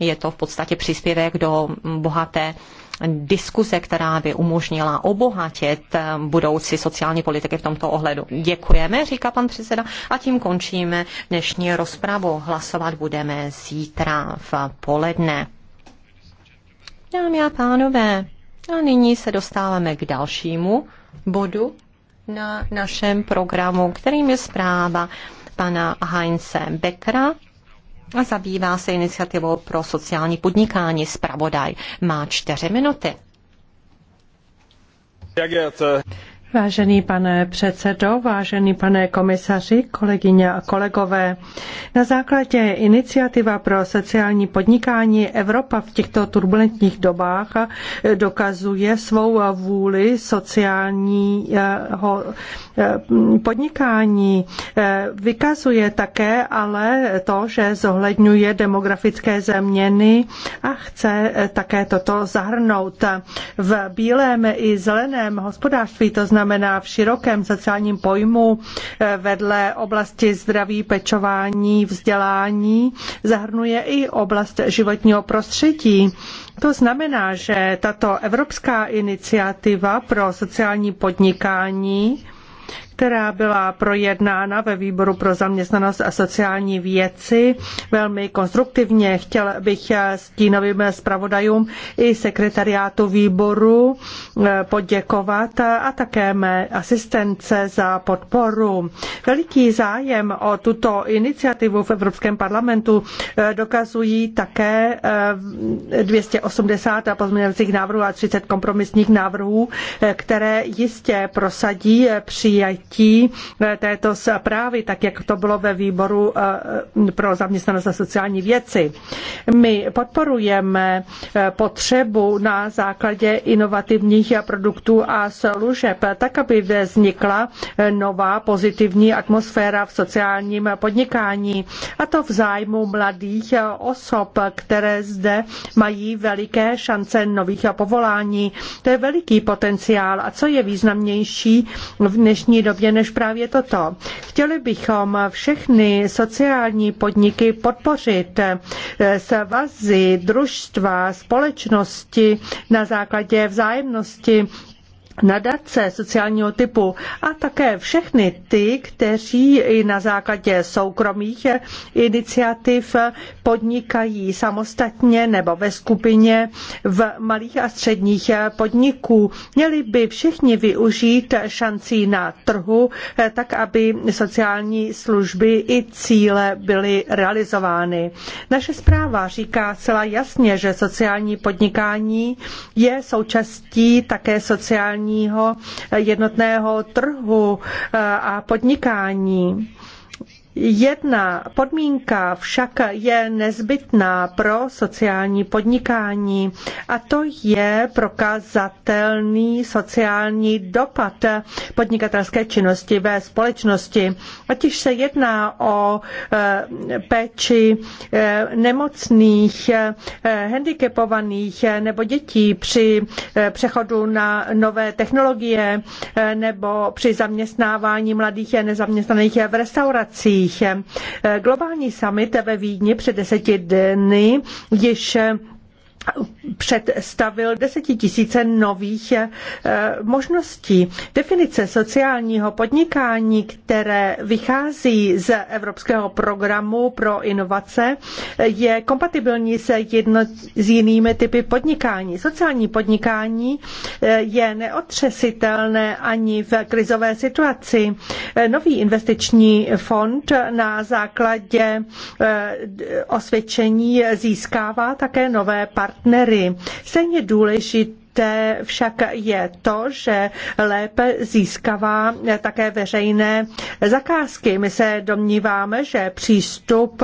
Je to v podstatě příspěvek do bohaté diskuse, která by umožnila obohatit eh, budoucí sociální politiky v tomto ohledu. Děkujeme, říká pan předseda, a tím končíme dnešní rozpravu. Hlasovat budeme zítra v poledne. Dámy a pánové, a nyní se dostáváme k dalšímu bodu na našem programu, kterým je zpráva pana Heinze Beckera a zabývá se iniciativou pro sociální podnikání. Spravodaj má čtyři minuty. Vážený pane předsedo, vážený pane komisaři, kolegyně a kolegové, na základě iniciativa pro sociální podnikání Evropa v těchto turbulentních dobách dokazuje svou vůli sociálního eh, podnikání. Eh, vykazuje také ale to, že zohledňuje demografické změny a chce eh, také toto zahrnout. V bílém i zeleném hospodářství to znamená, znamená v širokém sociálním pojmu eh, vedle oblasti zdraví, pečování, vzdělání, zahrnuje i oblast životního prostředí. To znamená, že tato evropská iniciativa pro sociální podnikání která byla projednána ve výboru pro zaměstnanost a sociální věci velmi konstruktivně. Chtěl bych stínovým zpravodajům i sekretariátu výboru eh, poděkovat a také mé asistence za podporu. Veliký zájem o tuto iniciativu v Evropském parlamentu eh, dokazují také 280 eh, pozměňovacích návrhů a 30 kompromisních návrhů, které jistě prosadí přijetí přijetí eh, této zprávy, tak jak to bylo ve výboru eh, pro zaměstnanost a sociální věci. My podporujeme eh, potřebu na základě inovativních produktů a služeb, tak aby vznikla nová pozitivní atmosféra v sociálním podnikání, a to v zájmu mladých osob, které zde mají veliké šance nových povolání. To je veliký potenciál a co je významnější v dnešní době, podobně než právě toto. Chtěli bychom všechny sociální podniky podpořit, eh, svazy, družstva, společnosti na základě vzájemnosti nadace sociálního typu a také všechny ty, kteří i na základě soukromých iniciativ podnikají samostatně nebo ve skupině v malých a středních podniků. Měli by všichni využít šancí na trhu, tak aby sociální služby i cíle byly realizovány. Naše zpráva říká celá jasně, že sociální podnikání je součástí také sociální digitálního jednotného trhu eh, a podnikání. Jedna podmínka však je nezbytná pro sociální podnikání a to je prokazatelný sociální dopad podnikatelské činnosti ve společnosti. Ať už se jedná o eh, péči eh, nemocných, eh, handicapovaných nebo dětí při přechodu na nové technologie nebo při zaměstnávání mladých nezaměstnaných v restauracích médiích. Globální summit ve Vídni před deseti dny již představil desetitisíce nových eh, možností. Definice sociálního podnikání, které vychází z Evropského programu pro inovace, je kompatibilní se jedno, s jinými typy podnikání. Sociální podnikání eh, je neotřesitelné ani v krizové situaci. Eh, nový investiční fond na základě osvědčení získává také nové partnery partnery. Stejně důležité důležité však je to, že lépe získává také veřejné zakázky. My se domníváme, že přístup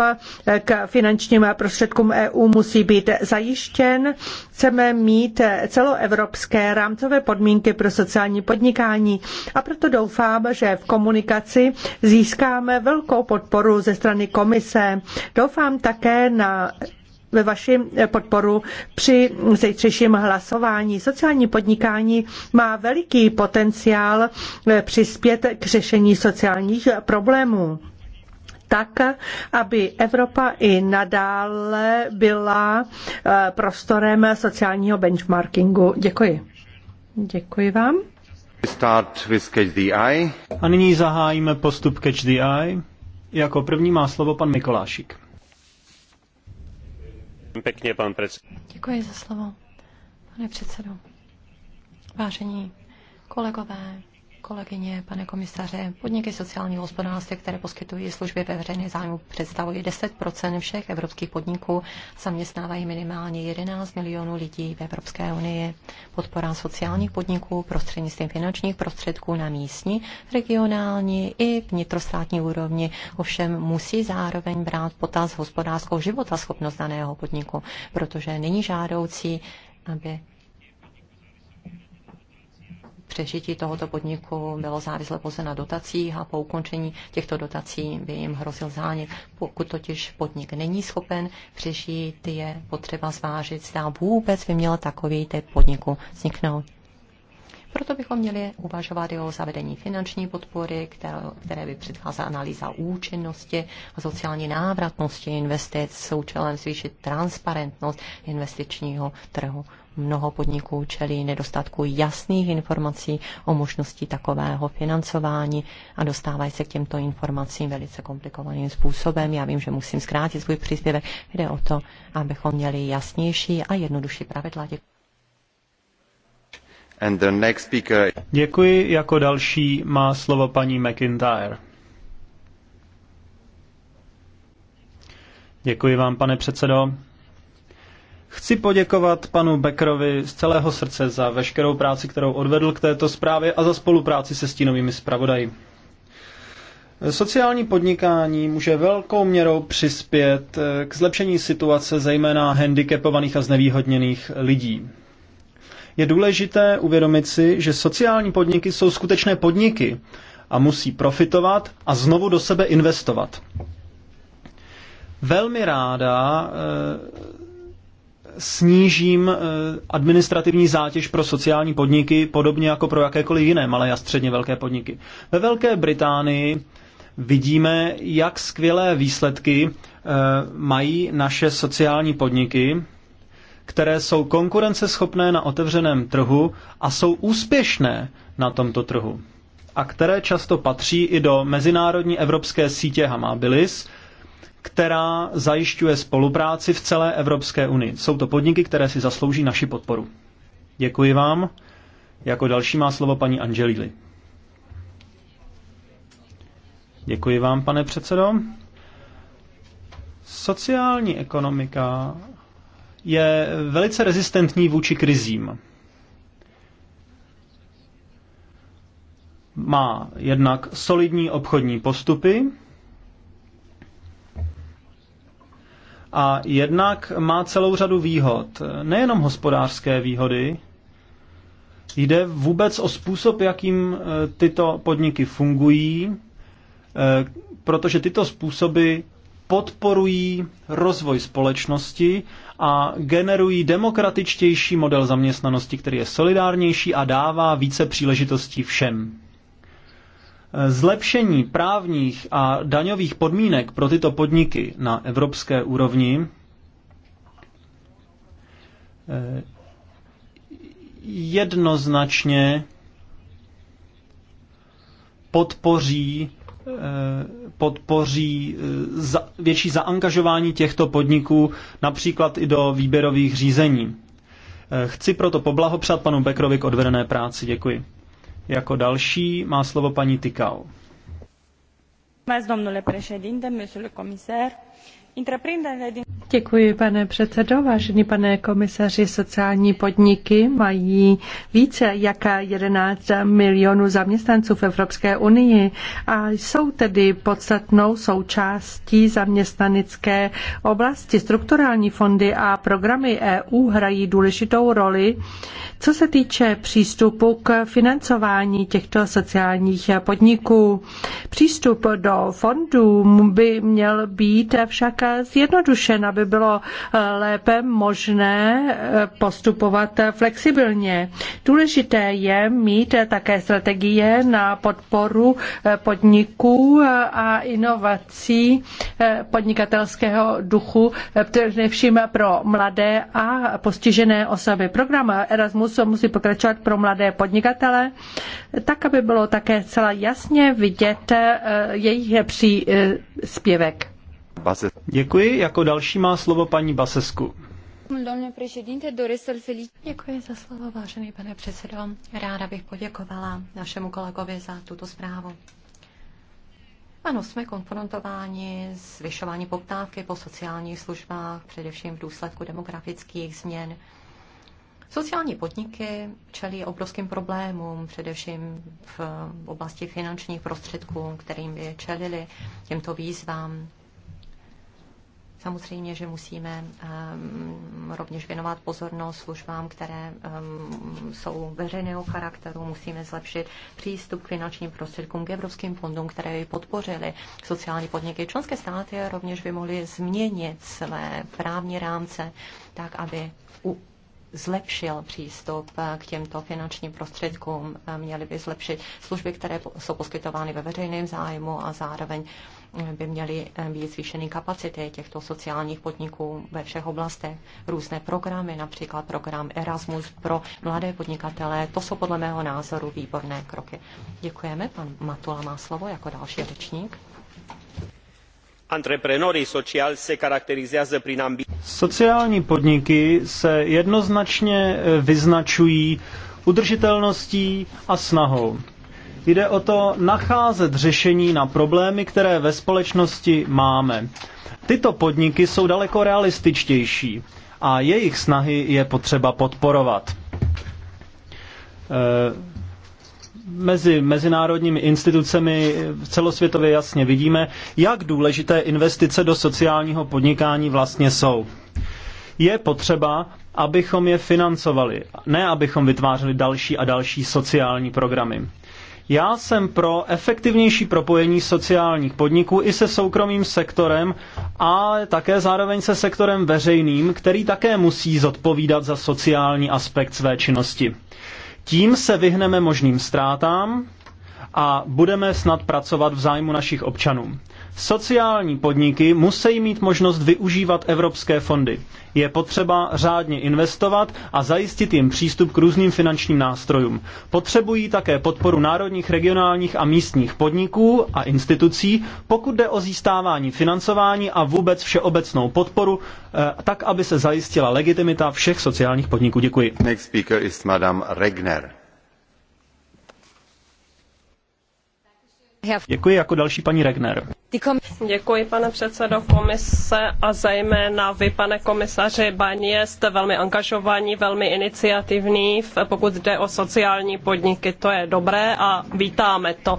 k finančním prostředkům EU musí být zajištěn. Chceme mít celoevropské rámcové podmínky pro sociální podnikání a proto doufám, že v komunikaci získáme velkou podporu ze strany komise. Doufám také na ve vaši podporu při zejtřejším hlasování. Sociální podnikání má veliký potenciál eh, přispět k řešení sociálních problémů tak, aby Evropa i nadále byla eh, prostorem sociálního benchmarkingu. Děkuji. Děkuji vám. Start with catch A nyní zahájíme postup Catch the Eye. Jako první má slovo pan Mikolášik za slovo, pane předsedo. Vážení kolegové, kolegyně, pane komisaře, podniky sociálního hospodářství, které poskytují služby ve veřejné zájmu, představují 10 všech evropských podniků, zaměstnávají minimálně 11 milionů lidí v Evropské unii. Podpora sociálních podniků prostřednictvím finančních prostředků na místní, regionální i vnitrostátní úrovni ovšem musí zároveň brát potaz hospodářskou schopnost daného podniku, protože není žádoucí, aby přežití tohoto podniku bylo závislé pouze na dotacích a po ukončení těchto dotací by jim hrozil zánik. Pokud totiž podnik není schopen přežít, je potřeba zvážit, zda vůbec by měl takový typ podniku vzniknout. Proto bychom měli uvažovat i o zavedení finanční podpory, které, by předcházela analýza účinnosti a sociální návratnosti investic s účelem zvýšit transparentnost investičního trhu mnoho podniků čelí nedostatku jasných informací o možnosti takového financování a dostávají se k těmto informacím velice komplikovaným způsobem. Já vím, že musím zkrátit svůj příspěvek. Jde o to, abychom měli jasnější a jednodušší pravidla. Děkuji. And the next speaker... Děkuji. Jako další má slovo paní McIntyre. Děkuji vám, pane předsedo. Chci poděkovat panu Beckerovi z celého srdce za veškerou práci, kterou odvedl k této zprávě a za spolupráci se stínovými zpravodaji. Sociální podnikání může velkou měrou přispět eh, k zlepšení situace zejména handicapovaných a znevýhodněných lidí. Je důležité uvědomit si, že sociální podniky jsou skutečné podniky a musí profitovat a znovu do sebe investovat. Velmi ráda eh, snížím eh, administrativní zátěž pro sociální podniky, podobně jako pro jakékoliv jiné malé a středně velké podniky. Ve Velké Británii vidíme, jak skvělé výsledky eh, mají naše sociální podniky, které jsou konkurenceschopné na otevřeném trhu a jsou úspěšné na tomto trhu a které často patří i do mezinárodní evropské sítě Hamabilis, která zajišťuje spolupráci v celé Evropské unii. Jsou to podniky, které si zaslouží naši podporu. Děkuji vám. Jako další má slovo paní Angelili. Děkuji vám, pane předsedo. Sociální ekonomika je velice rezistentní vůči krizím. Má jednak solidní obchodní postupy, a jednak má celou řadu výhod. Nejenom hospodářské výhody, jde vůbec o způsob, jakým eh, tyto podniky fungují, eh, protože tyto způsoby podporují rozvoj společnosti a generují demokratičtější model zaměstnanosti, který je solidárnější a dává více příležitostí všem. Zlepšení právních a daňových podmínek pro tyto podniky na evropské úrovni eh, jednoznačně podpoří eh, podpoří eh, za, větší zaangažování těchto podniků například i do výběrových řízení. Chci proto poblahopřát panu Bekrovi k odvedené práci. Děkuji. Jako další má slovo paní Tikau. Děkuji, pane předsedo. Vážený pane komisaři, sociální podniky mají více jak 11 milionů zaměstnanců v Evropské unii a jsou tedy podstatnou součástí zaměstnanické oblasti. Strukturální fondy a programy EU hrají důležitou roli co se týče přístupu k financování těchto sociálních podniků, přístup do fondů by měl být však zjednodušen, aby bylo lépe možné postupovat flexibilně. Důležité je mít také strategie na podporu podniků a inovací podnikatelského duchu, především pro mladé a postižené osoby. Program Erasmus co musí pokračovat pro mladé podnikatele, tak aby bylo také celá jasně vidět eh, jejich příspěvek. Děkuji. Jako další má slovo paní Basesku. Děkuji za slovo, vážený pane předsedo. Ráda bych poděkovala našemu kolegovi za tuto zprávu. Ano, jsme konfrontováni s vyšování poptávky po sociálních službách, především v důsledku demografických změn. Sociální podniky čelí obrovským problémům, především v oblasti finančních prostředků, kterým by čelili těmto výzvám. Samozřejmě, že musíme um, rovněž věnovat pozornost službám, které um, jsou veřejného charakteru. Musíme zlepšit přístup k finančním prostředkům, k evropským fondům, které by podpořily sociální podniky. Členské státy rovněž by mohly změnit své právní rámce tak, aby u, zlepšil přístup eh, k těmto finančním prostředkům, eh, Měli by zlepšit služby, které jsou poskytovány ve veřejném zájmu a zároveň eh, by měly být zvýšeny kapacity těchto sociálních podniků ve všech oblastech. Různé programy, například program Erasmus pro mladé podnikatele, to jsou podle mého názoru výborné kroky. Děkujeme. Pan Matula má slovo jako další řečník. Antreprenorii sociali se charakterizează prin Sociální podniky se jednoznačně e, vyznačují udržitelností a snahou. Jde o to nacházet řešení na problémy, které ve společnosti máme. Tyto podniky jsou daleko realističtější a jejich snahy je potřeba podporovat. E mezi mezinárodními institucemi celosvětově jasně vidíme, jak důležité investice do sociálního podnikání vlastně jsou. Je potřeba, abychom je financovali, ne abychom vytvářeli další a další sociální programy. Já jsem pro efektivnější propojení sociálních podniků i se soukromým sektorem a také zároveň se sektorem veřejným, který také musí zodpovídat za sociální aspekt své činnosti. Tím se vyhneme možným ztrátám a budeme snad pracovat v zájmu našich občanů. Sociální podniky musí mít možnost využívat evropské fondy. Je potřeba řádně investovat a zajistit jim přístup k různým finančním nástrojům. Potřebují také podporu národních, regionálních a místních podniků a institucí, pokud jde o získávání financování a vůbec všeobecnou podporu, eh, tak aby se zajistila legitimita všech sociálních podniků. Děkuji. Next speaker is Madame Regner. Děkuji jako další paní Regner. Děkuji, pane předsedo komise a zejména vy, pane komisaři Baně, jste velmi angažovaní, velmi iniciativní, pokud jde o sociální podniky. To je dobré a vítáme to.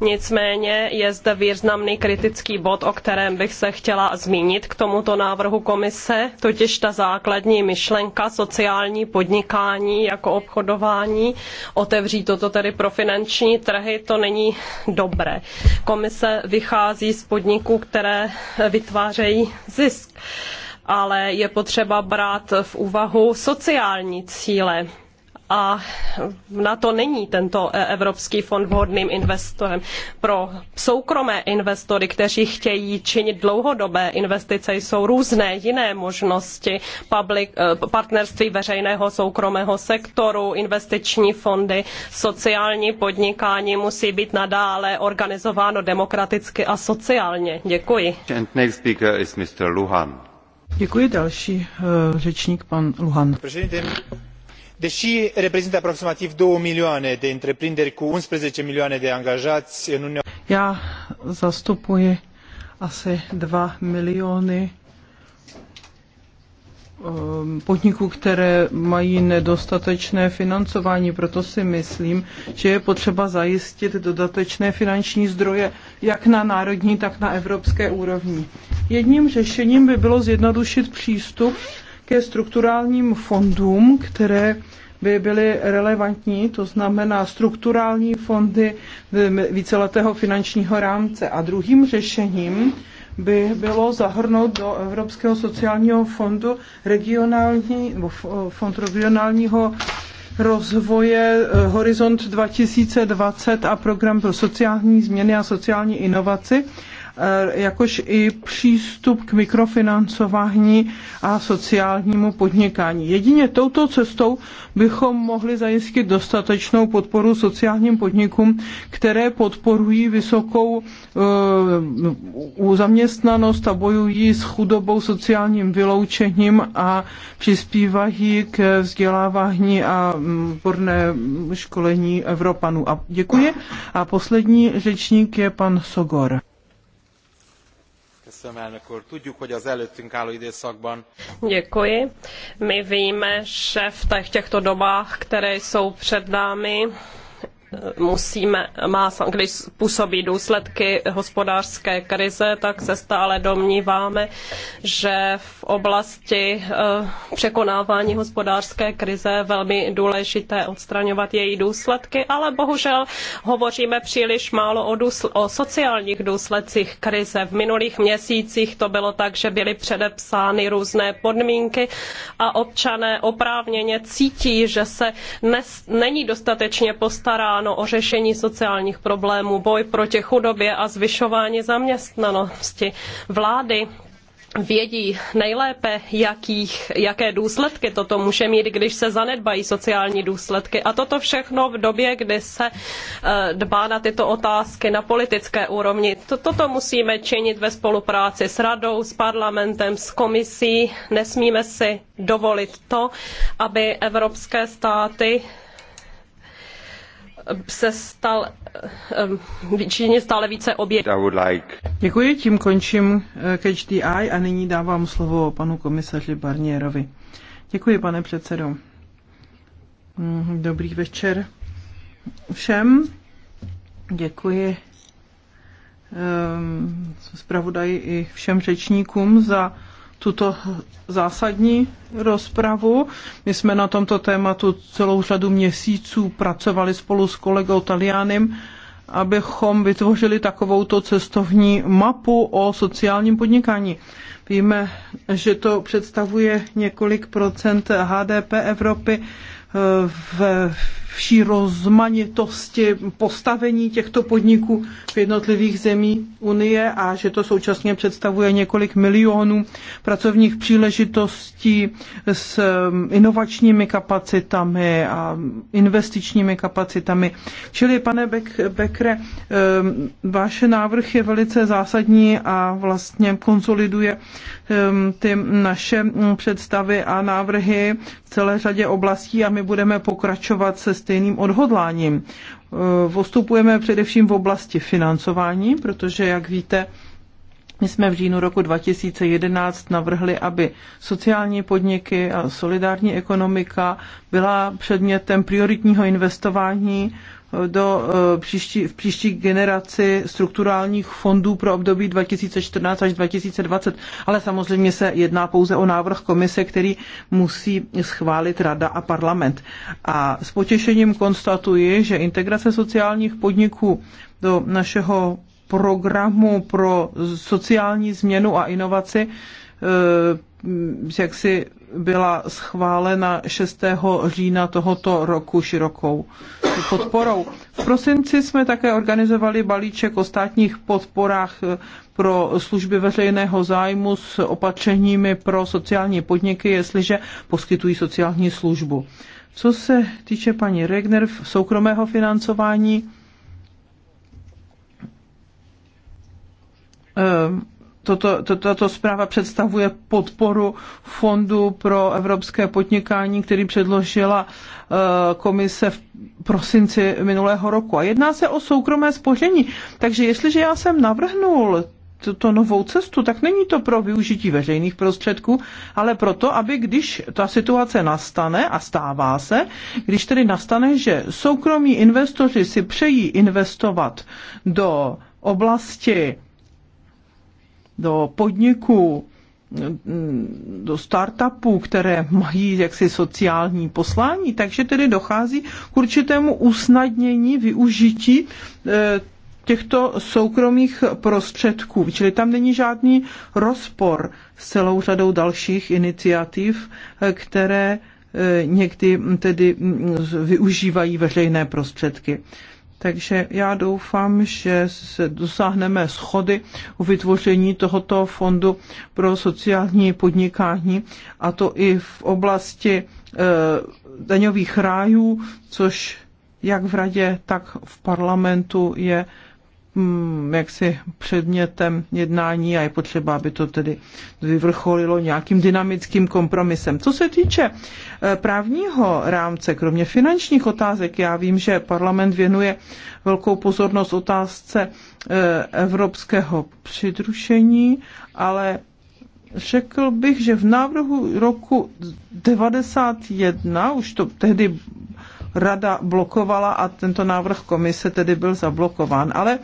Nicméně je zde významný kritický bod, o kterém bych se chtěla zmínit k tomuto návrhu komise, totiž ta základní myšlenka sociální podnikání jako obchodování, otevřít toto tedy pro finanční trhy, to není dobré. Komise vychází z podniků, které vytvářejí zisk ale je potřeba brát v úvahu sociální cíle a na to není tento e, Evropský fond vhodným investorem. Pro soukromé investory, kteří chtějí činit dlouhodobé investice, jsou různé jiné možnosti public, e, partnerství veřejného soukromého sektoru, investiční fondy, sociální podnikání musí být nadále organizováno demokraticky a sociálně. Děkuji. And next speaker is Mr. Luhan. Děkuji další uh, řečník, pan Luhan dei reprezintă aproximativ două milioane de întreprinderi cu unsprezece milioane de angajai în uniunea europeană ea zastupuje asi dva miliony podniků, které mají nedostatečné financování. Proto si myslím, že je potřeba zajistit dodatečné finanční zdroje jak na národní, tak na evropské úrovni. Jedním řešením by bylo zjednodušit přístup ke strukturálním fondům, které by byly relevantní, to znamená strukturální fondy víceletého finančního rámce. A druhým řešením by bylo zahrnout do Evropského sociálního fondu regionální, fond regionálního rozvoje eh, Horizont 2020 a program pro sociální změny a sociální inovaci Eh, jakož i přístup k mikrofinancování a sociálnímu podnikání. Jedině touto cestou bychom mohli zajistit dostatečnou podporu sociálním podnikům, které podporují vysokou uh, zaměstnanost a bojují s chudobou, sociálním vyloučením a přispívají k vzdělávání a mm, odborné školení Evropanů. A děkuji. A poslední řečník je pan Sogor. Děkuji. My víme, že v těchto dobách, které jsou před námi, musíme, má, když působí důsledky hospodářské krize, tak se stále domníváme, že v oblasti eh, překonávání hospodářské krize je velmi důležité odstraňovat její důsledky, ale bohužel hovoříme příliš málo o, důsl- o sociálních důsledcích krize. V minulých měsících to bylo tak, že byly předepsány různé podmínky a občané oprávněně cítí, že se nes- není dostatečně postaráno usilováno o řešení sociálních problémů, boj proti chudobě a zvyšování zaměstnanosti. Vlády vědí nejlépe, jakých, jaké důsledky toto může mít, když se zanedbají sociální důsledky. A toto všechno v době, kdy se eh, dbá na tyto otázky na politické úrovni. Toto musíme činit ve spolupráci s radou, s parlamentem, s komisí. Nesmíme si dovolit to, aby evropské státy se stal eh, eh, činí stále více obětí. Like... Děkuji, tím končím eh, Catch a nyní dávám slovo panu komisaři Barnierovi. Děkuji, pane předsedo. Mm, dobrý večer všem. Děkuji ehm, zpravodaji i všem řečníkům za tuto zásadní rozpravu. My jsme na tomto tématu celou řadu měsíců pracovali spolu s kolegou Talianem, abychom vytvořili takovouto cestovní mapu o sociálním podnikání. Víme, že to představuje několik procent HDP Evropy eh, v vší rozmanitosti postavení těchto podniků v jednotlivých zemí Unie a že to současně představuje několik milionů pracovních příležitostí s um, inovačními kapacitami a investičními kapacitami. Čili, pane Bekre, um, váš návrh je velice zásadní a vlastně konsoliduje um, ty naše představy a návrhy v celé řadě oblastí a my budeme pokračovat se stejným odhodláním. E, postupujeme především v oblasti financování, protože, jak víte, my jsme v říjnu roku 2011 navrhli, aby sociální podniky a solidární ekonomika byla předmětem prioritního investování do eh, příští, v příští generaci strukturálních fondů pro období 2014 až 2020. Ale samozřejmě se jedná pouze o návrh komise, který musí schválit Rada a parlament. A s potěšením konstatuji, že integrace sociálních podniků do našeho programu pro sociální změnu a inovaci eh, jak si byla schválena 6. října tohoto roku širokou podporou. V prosinci jsme také organizovali balíček o státních podporách eh, pro služby veřejného zájmu s opatřeními pro sociální podniky, jestliže poskytují sociální službu. Co se týče paní Regner v soukromého financování, um, toto, to, tato zpráva představuje podporu Fondu pro evropské podnikání, který předložila eh, komise v prosinci minulého roku. A jedná se o soukromé spoření. Takže jestliže já jsem navrhnul tuto novou cestu, tak není to pro využití veřejných prostředků, ale proto, aby když ta situace nastane a stává se, když tedy nastane, že soukromí investoři si přejí investovat do oblasti do podniků, do startupů, které mají jaksi sociální poslání, takže tedy dochází k určitému usnadnění využití eh, těchto soukromých prostředků. Čili tam není žádný rozpor s celou řadou dalších iniciativ, eh, které eh, někdy tedy mm, využívají veřejné prostředky. Takže já doufám, že se dosáhneme schody u vytvoření tohoto fondu pro sociální podnikání, a to i v oblasti e, daňových rájů, což jak v radě, tak v parlamentu je Mm, jaksi předmětem jednání a je potřeba, aby to tedy vyvrcholilo nějakým dynamickým kompromisem. Co se týče eh, právního rámce, kromě finančních otázek, já vím, že parlament věnuje velkou pozornost otázce eh, evropského přidrušení, ale řekl bych, že v návrhu roku 91, už to tehdy rada blokovala a tento návrh komise tedy byl zablokován. Ale e,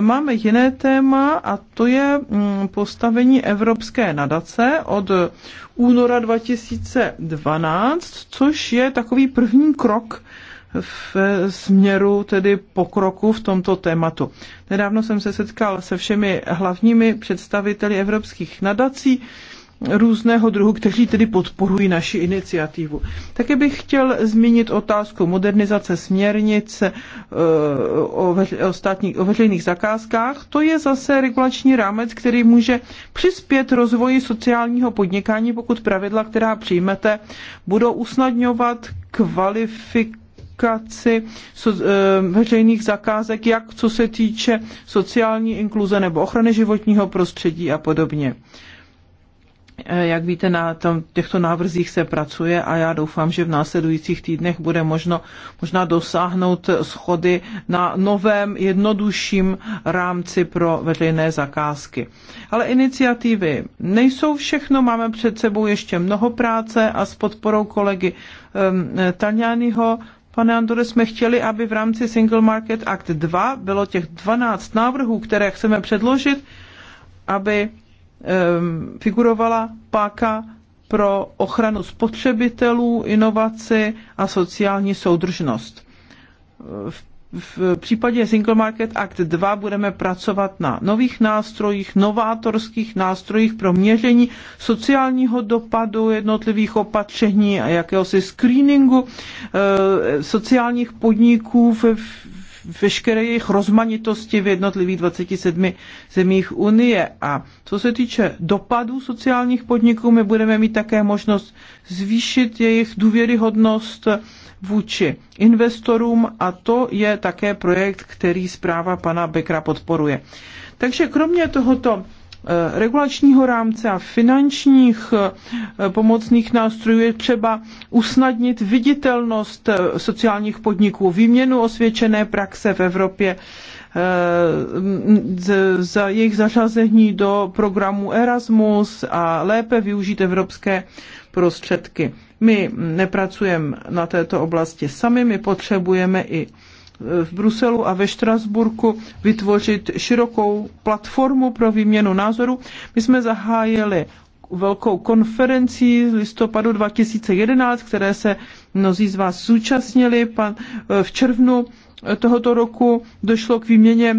máme jiné téma a to je mm, postavení Evropské nadace od února 2012, což je takový první krok v e, směru tedy pokroku v tomto tématu. Nedávno jsem se setkal se všemi hlavními představiteli evropských nadací, různého druhu, kteří tedy podporují naši iniciativu. Také bych chtěl zmínit otázku modernizace směrnic eh, o, veř- o, státní, o veřejných zakázkách. To je zase regulační rámec, který může přispět rozvoji sociálního podnikání, pokud pravidla, která přijmete, budou usnadňovat kvalifikaci eh, veřejných zakázek, jak co se týče sociální inkluze nebo ochrany životního prostředí a podobně. Eh, jak víte, na tom, těchto návrzích se pracuje a já doufám, že v následujících týdnech bude možno možná dosáhnout schody na novém, jednodušším rámci pro veřejné zakázky. Ale iniciativy nejsou všechno, máme před sebou ještě mnoho práce a s podporou kolegy um, Taňányho Pane Andore, jsme chtěli, aby v rámci Single Market Act 2 bylo těch 12 návrhů, které chceme předložit, aby Ehm, figurovala páka pro ochranu spotřebitelů, inovaci a sociální soudržnost. V, v případě Single Market Act 2 budeme pracovat na nových nástrojích, novátorských nástrojích pro měření sociálního dopadu jednotlivých opatření a jakéhosi screeningu e, sociálních podniků v, veškeré jejich rozmanitosti v jednotlivých 27 zemích Unie. A co se týče dopadů sociálních podniků, my budeme mít také možnost zvýšit jejich důvěryhodnost vůči investorům a to je také projekt, který zpráva pana Bekra podporuje. Takže kromě tohoto Eh, regulačního rámce a finančních eh, pomocných nástrojů je třeba usnadnit viditelnost eh, sociálních podniků, výměnu osvědčené praxe v Evropě za jejich zařazení do programu Erasmus a lépe využít evropské prostředky. My nepracujeme na této oblasti sami, my potřebujeme i v Bruselu a ve Štrasburku vytvořit širokou platformu pro výměnu názorů. My jsme zahájili velkou konferenci z listopadu 2011, které se mnozí z vás zúčastnili. Eh, v červnu eh, tohoto roku došlo k výměně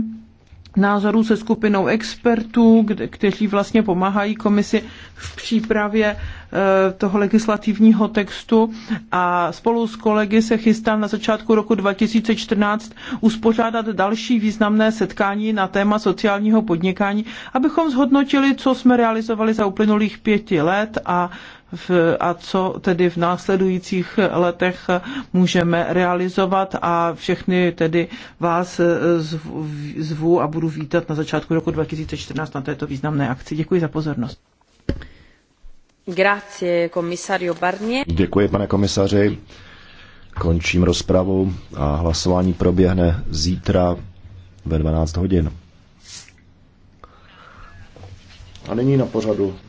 názorů se skupinou expertů, kteří vlastně pomáhají komisi v přípravě Eh, toho legislativního textu a spolu s kolegy se chystám na začátku roku 2014 uspořádat další významné setkání na téma sociálního podnikání, abychom zhodnotili, co jsme realizovali za uplynulých pěti let a v, a co tedy v následujících letech můžeme realizovat a všechny tedy vás eh, zvu, zvu a budu vítat na začátku roku 2014 na této významné akci. Děkuji za pozornost. Děkuji, pane komisaři. Končím rozpravu a hlasování proběhne zítra ve 12 hodin. A nyní na pořadu